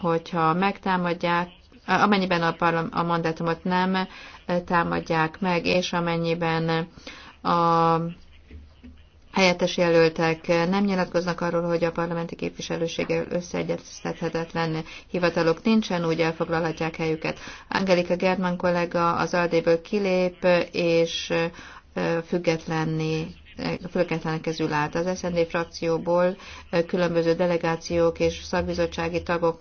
hogyha megtámadják, amennyiben a, parlam, a mandátumot nem eh, támadják meg, és amennyiben a helyettes jelöltek nem nyilatkoznak arról, hogy a parlamenti képviselőséggel összeegyeztethetetlen hivatalok nincsen, úgy elfoglalhatják helyüket. Angelika German kollega az Aldéből kilép, és eh, függetlenni eh, függetlenek közül állt. Az SND frakcióból különböző delegációk és szakbizottsági tagok